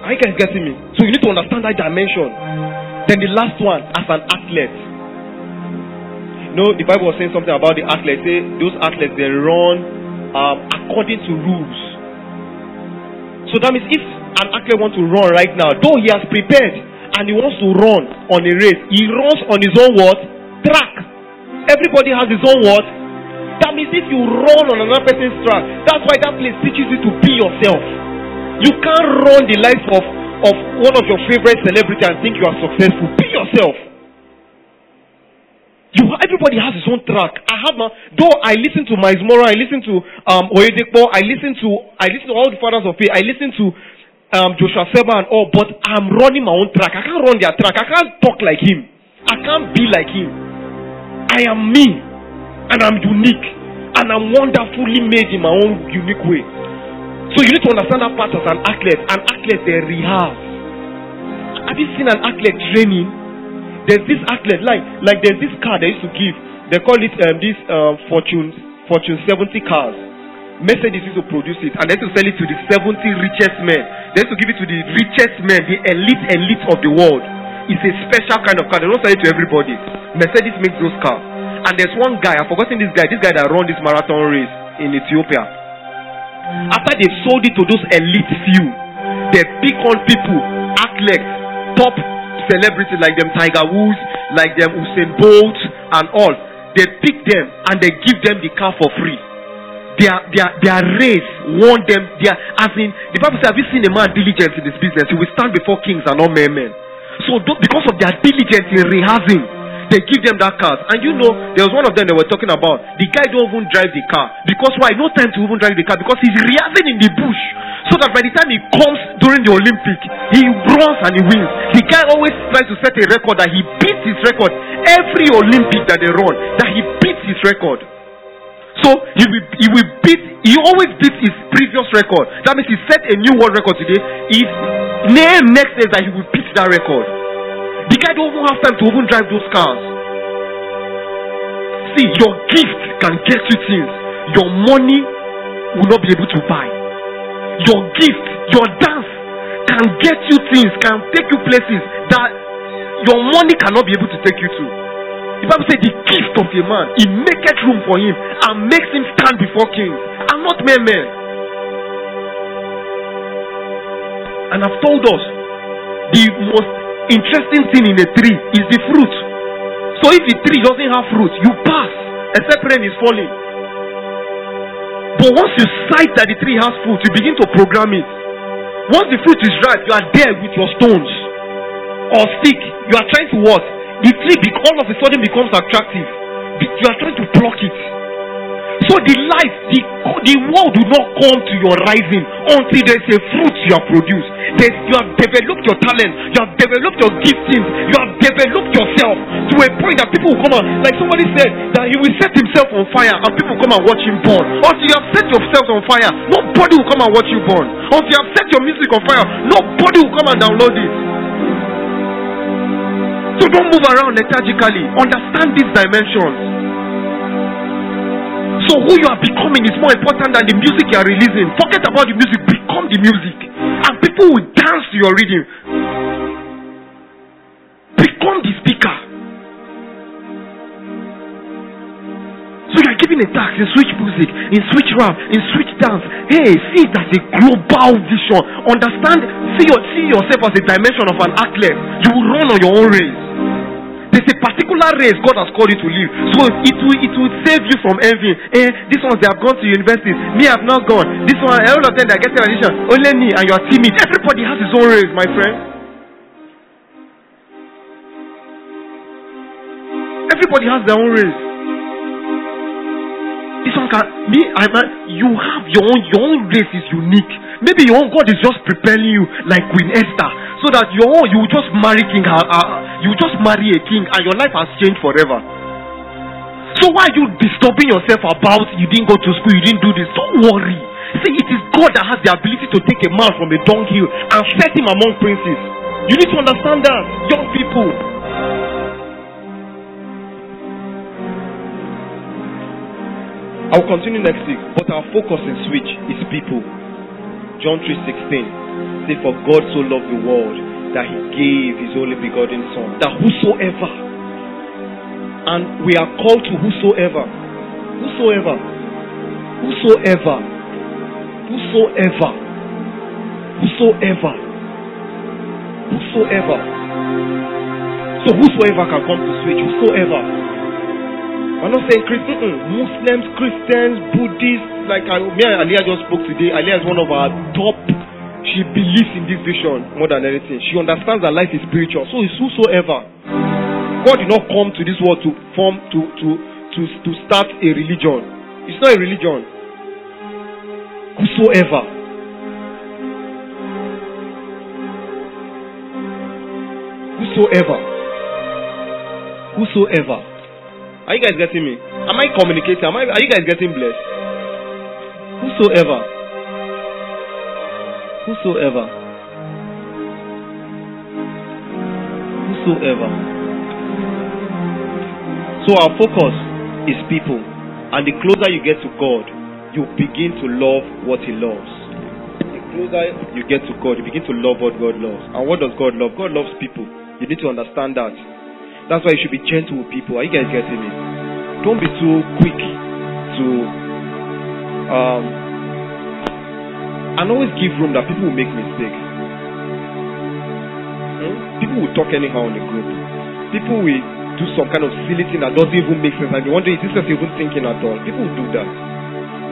Are you guys getting me? So you need to understand that dimension. Then the last one, as an athlete. You no, know, the Bible was saying something about the athletes. Say those athletes they run um, according to rules. So that means if an athlete wants to run right now, though he has prepared and he wants to run on a race, he runs on his own what track. Everybody has his own what. That means if you run on another person's track, that's why that place teaches you to be yourself. You can't run the life of of one of your favorite celebrities and think you are successful. Be yourself. You, everybody has his own track. I have my, though I listen to my Mora, I listen to um, Oyedepo, I listen to I listen to all the fathers of faith, I listen to um, Joshua Seba and all, but I'm running my own track. I can't run their track. I can't talk like him. I can't be like him. I am me, and I'm unique, and I'm wonderfully made in my own unique way. So you need to understand that part as an athlete. An athlete, they rehab. Have you seen an athlete training? There's this athlete, like like there's this car they used to give. They call it um, this um, Fortune Fortune 70 cars. Mercedes used to produce it and they used to sell it to the 70 richest men. They used to give it to the richest men, the elite elite of the world. It's a special kind of car. They don't sell it to everybody. Mercedes makes those cars. And there's one guy, I've forgotten this guy, this guy that run this marathon race in Ethiopia after they sold it to those elite few, they pick on people, athletes, top celebrities like them Tiger Woods, like them Usain Bolt, and all. They pick them and they give them the car for free. Their, their, their race warn them. Their, as in, the Bible says, Have you seen a man diligent in this business? He will stand before kings and all men. men. So, because of their diligence in rehearsing, they give them that car. And you know, there was one of them they were talking about. The guy don't even drive the car. Because why? No time to even drive the car because he's rehearsing in the bush. So that by the time he comes during the Olympic, he runs and he wins. The guy always tries to set a record that he beats his record every Olympic that they run, that he beats his record. So he will, he will beat, he always beats his previous record. That means he set a new world record today. His name next day is that he will beat that record. The guy don't even have time to even drive those cars. See, your gift can get you things your money will not be able to buy. Your gift, your dance can get you things, can take you places that your money cannot be able to take you to. The Bible says the gift of a man, it maketh room for him and makes him stand before kings and not mere men. And I've told us the most interesting thing in a tree is the fruit. So if the tree doesn't have fruit, you pass, except rain is falling. But once you sight that the tree has fruit, you begin to program it. Once the fruit is ripe, you are there with your stones or stick. You are trying to what? The tree all of a sudden becomes attractive. You are trying to pluck it. So the life, the, the world will not come to your rising until there's a fruit you have produced. There's, you have developed your talent, you have developed your giftings, you have developed yourself to a point that people will come and, like somebody said, that he will set himself on fire and people come and watch him burn. Until you have set yourself on fire, nobody will come and watch you burn. Until you have set your music on fire, nobody will come and download it. So don't move around lethargically. Understand these dimensions. So who you are becoming is more important than the music you are releasing. Forget about the music, become the music. And people will dance to your rhythm. Become the speaker. So you are giving a tax in switch music, in switch rap, in switch dance. Hey, see it as a global vision. Understand, see, your, see yourself as a dimension of an athlete. You will run on your own race. There's a particular race God has called you to live. So it will, it will save you from envy. Eh, these ones, they have gone to university. Me, I have not gone. This one, all of them, they are getting addition. Only me, and you are timid. Everybody has his own race, my friend. Everybody has their own race. This one can, me, I, a, you have your own, your own race is unique. Maybe your own God is just preparing you like Queen Esther so that your own you just marry king uh, uh, you just marry a king and your life has changed forever. So why are you disturbing yourself about you didn't go to school, you didn't do this? Don't worry. See, it is God that has the ability to take a man from a dunghill and set him among princes. You need to understand that, young people. I will continue next week, but our focus and switch is people. John 3:16 say, For God so loved the world that he gave his only begotten son. That whosoever and we are called to whosoever, whosoever, whosoever, whosoever, whosoever, whosoever. So whosoever can come to switch, whosoever I'm not saying Christians, Muslims, Christians, Buddhists. Like I, me and Aliyah just spoke today. Aliyah is one of our top. She believes in this vision more than anything. She understands that life is spiritual. So it's whosoever. God did not come to this world to form to to to to start a religion. It's not a religion. Whosoever. Whosoever. Whosoever. Are you guys getting me? Am I communicating? Am I, are you guys getting blessed? Whosoever. Whosoever. Whosoever. So our focus is people. And the closer you get to God, you begin to love what He loves. The closer you get to God, you begin to love what God loves. And what does God love? God loves people. You need to understand that. That's why you should be gentle with people. Are you guys getting me? Don't be too quick to um and always give room that people will make mistakes. Hmm? People will talk anyhow in the group. People will do some kind of silly thing that doesn't even make sense. I you wondering is this person even thinking at all? People will do that.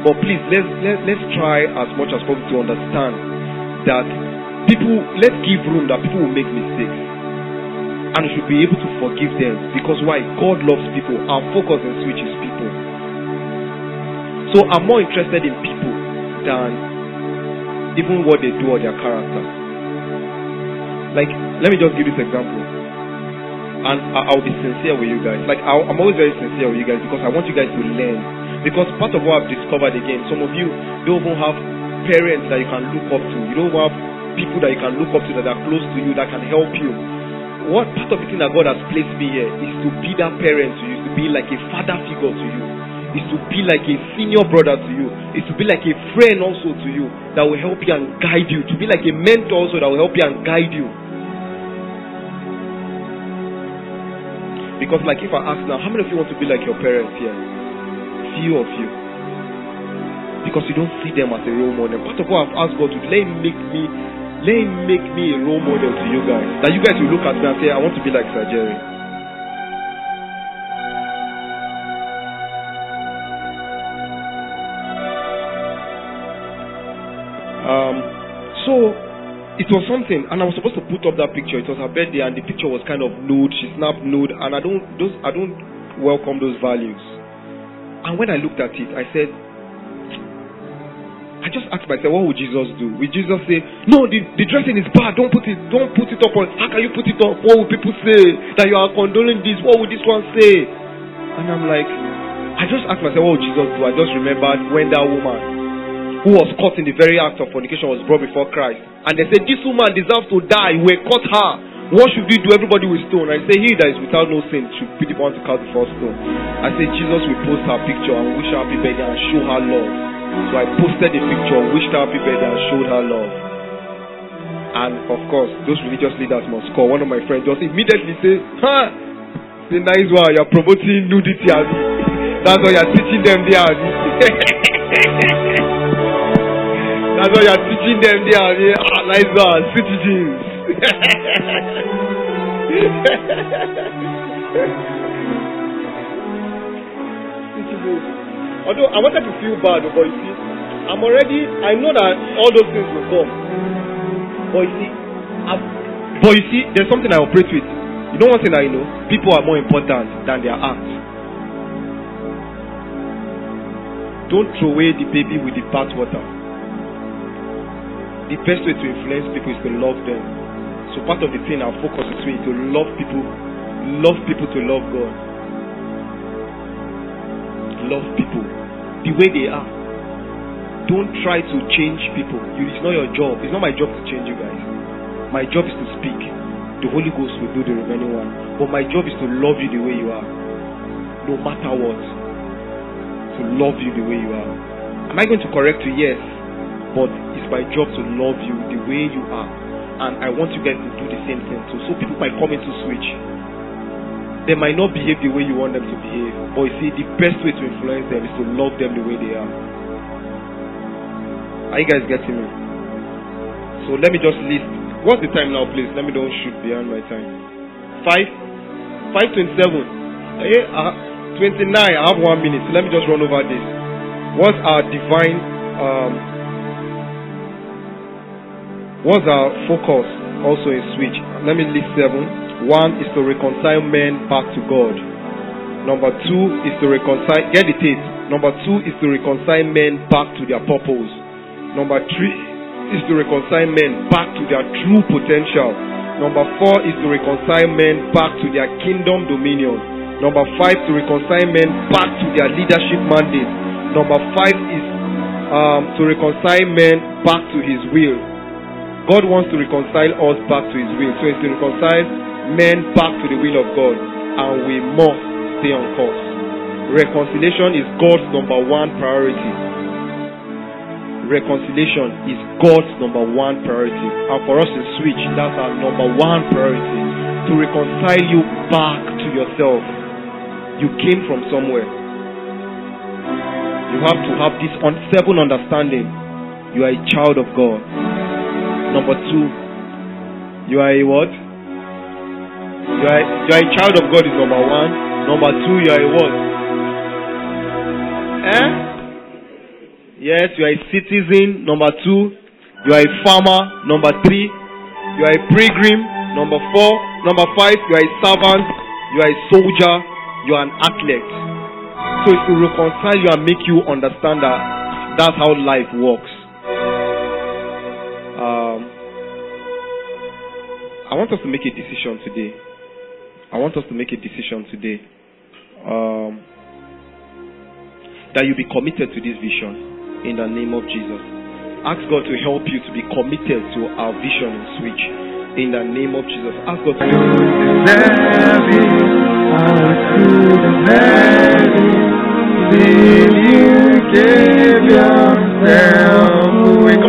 But please, let's let, let's try as much as possible to understand that people. Let's give room that people will make mistakes and we should be able to forgive them because why? God loves people. Our focus and switch is people. So I'm more interested in people than even what they do or their character. Like, let me just give this example. And I, will be sincere with you guys. Like, i am always very sincere with you guys because I want you guys to learn. Because part of what I've discovered again, some of you don't even have parents that you can look up to. You don't have people that you can look up to that are close to you that can help you what part of the thing that God has placed me here is to be that parent to you, is to be like a father figure to you, is to be like a senior brother to you, is to be like a friend also to you that will help you and guide you, to be like a mentor also that will help you and guide you. Because, like, if I ask now, how many of you want to be like your parents here? Few of you. Because you don't see them as a role model. Part of what I've asked God to let me make me let him make me a role model to you guys. That you guys will look at me and say, I want to be like Sir Jerry. Um, so it was something, and I was supposed to put up that picture. It was her birthday, and the picture was kind of nude. She snapped nude, and I don't, those, I don't welcome those values. And when I looked at it, I said, I just asked myself, what would Jesus do? Would Jesus say, No, the, the dressing is bad, don't put it, don't put it up on how can you put it up? What would people say? That you are condoning this, what would this one say? And I'm like, I just asked myself, what would Jesus do? I just remembered when that woman who was caught in the very act of fornication was brought before Christ. And they said, This woman deserves to die. We caught her. What should we do? Everybody will stone. I say, He that is without no sin should be the one to cast the first stone. I say, Jesus will post her picture and wish her happy birthday and show her love. So I posted a picture, wished her happy birthday, and showed her love. And of course, those religious leaders must call. One of my friends just immediately say, Huh, The nice one. You're promoting nudity. That's why you're teaching them there. That's why you're teaching them there. Ah, nice one. Citizens. Citizens. Although I wanted to feel bad, but you see, I'm already, I know that all those things will come. But you see, I've, but you see, there's something I operate with. You know one thing I know? People are more important than their acts. Don't throw away the baby with the bathwater. The best way to influence people is to love them. So part of the thing I focus is to love people, love people to love God love people the way they are. Don't try to change people. It's not your job. It's not my job to change you guys. My job is to speak. The Holy Ghost will do the remaining one. But my job is to love you the way you are. No matter what. To love you the way you are. Am I going to correct you? Yes. But it's my job to love you the way you are. And I want you guys to do the same thing too. So people might come into switch. They might not behave the way you want them to behave. But you see, the best way to influence them is to love them the way they are. Are you guys getting me? So let me just list. What's the time now, please? Let me don't shoot beyond my time. Five, five twenty-seven. Hey, eh, uh, uh-huh. twenty-nine. I have one minute. So let me just run over this. What's our divine? Um, what's our focus? Also in switch. Let me list seven. One is to reconcile men back to God. Number two is to reconcile, get it, it. Number two is to reconcile men back to their purpose. Number three is to reconcile men back to their true potential. Number four is to reconcile men back to their kingdom dominion. Number five, to reconcile men back to their leadership mandate. Number five is um, to reconcile men back to his will. God wants to reconcile us back to his will. So it's to reconcile men back to the will of God, and we must stay on course. Reconciliation is God's number one priority. Reconciliation is God's number one priority. And for us in Switch, that's our number one priority to reconcile you back to yourself. You came from somewhere. You have to have this un- seven understanding. You are a child of God. Number two, you are a what? You are, you are a child of God is number one. Number two, you are a what? Eh? Yes, you are a citizen. Number two, you are a farmer. Number three, you are a pilgrim. Number four, number five, you are a servant. You are a soldier. You are an athlete. So it will reconcile you and make you understand that that's how life works. Um, I want us to make a decision today. I want us to make a decision today um, that you be committed to this vision in the name of Jesus. Ask God to help you to be committed to our vision and switch in the name of Jesus. Ask God to help you. Come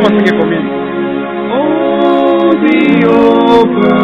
on, sing it for me. Oh, the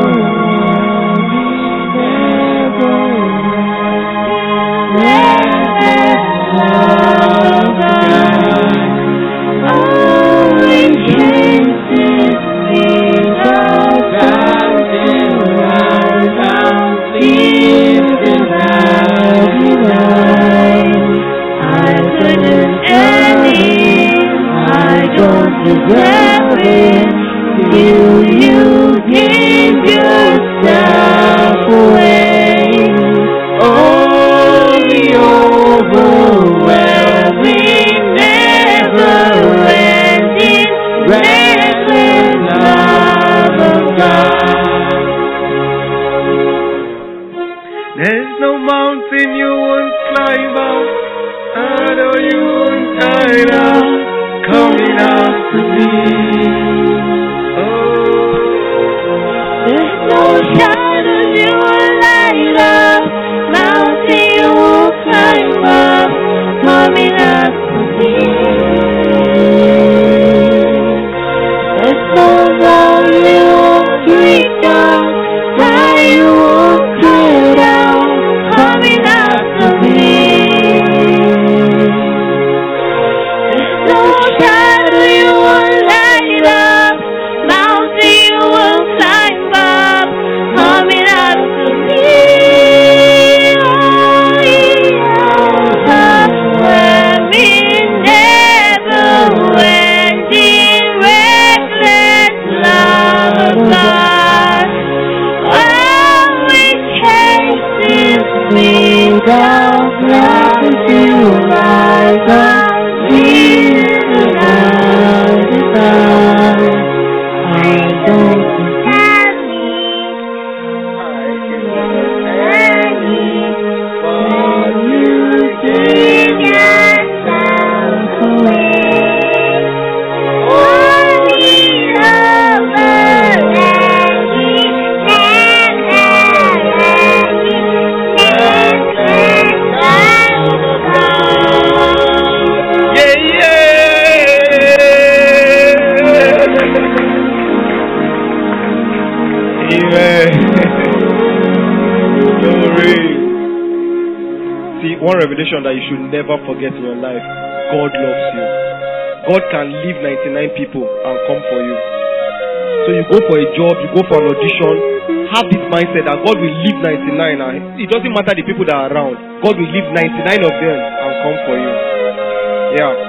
coming up, coming to me. Oh. There's no shadow you God can leave 99 people and come for you. So you go for a job, you go for an audition, have this mindset that God will leave 99 and it doesn't matter the people that are around. God will leave 99 of them and come for you. Yeah.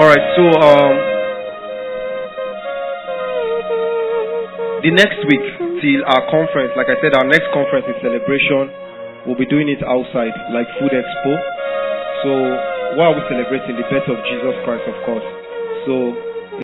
All right, so um, the next week till our conference. Like I said, our next conference is celebration. We'll be doing it outside, like Food Expo. So, why are we celebrating? The birth of Jesus Christ, of course. So,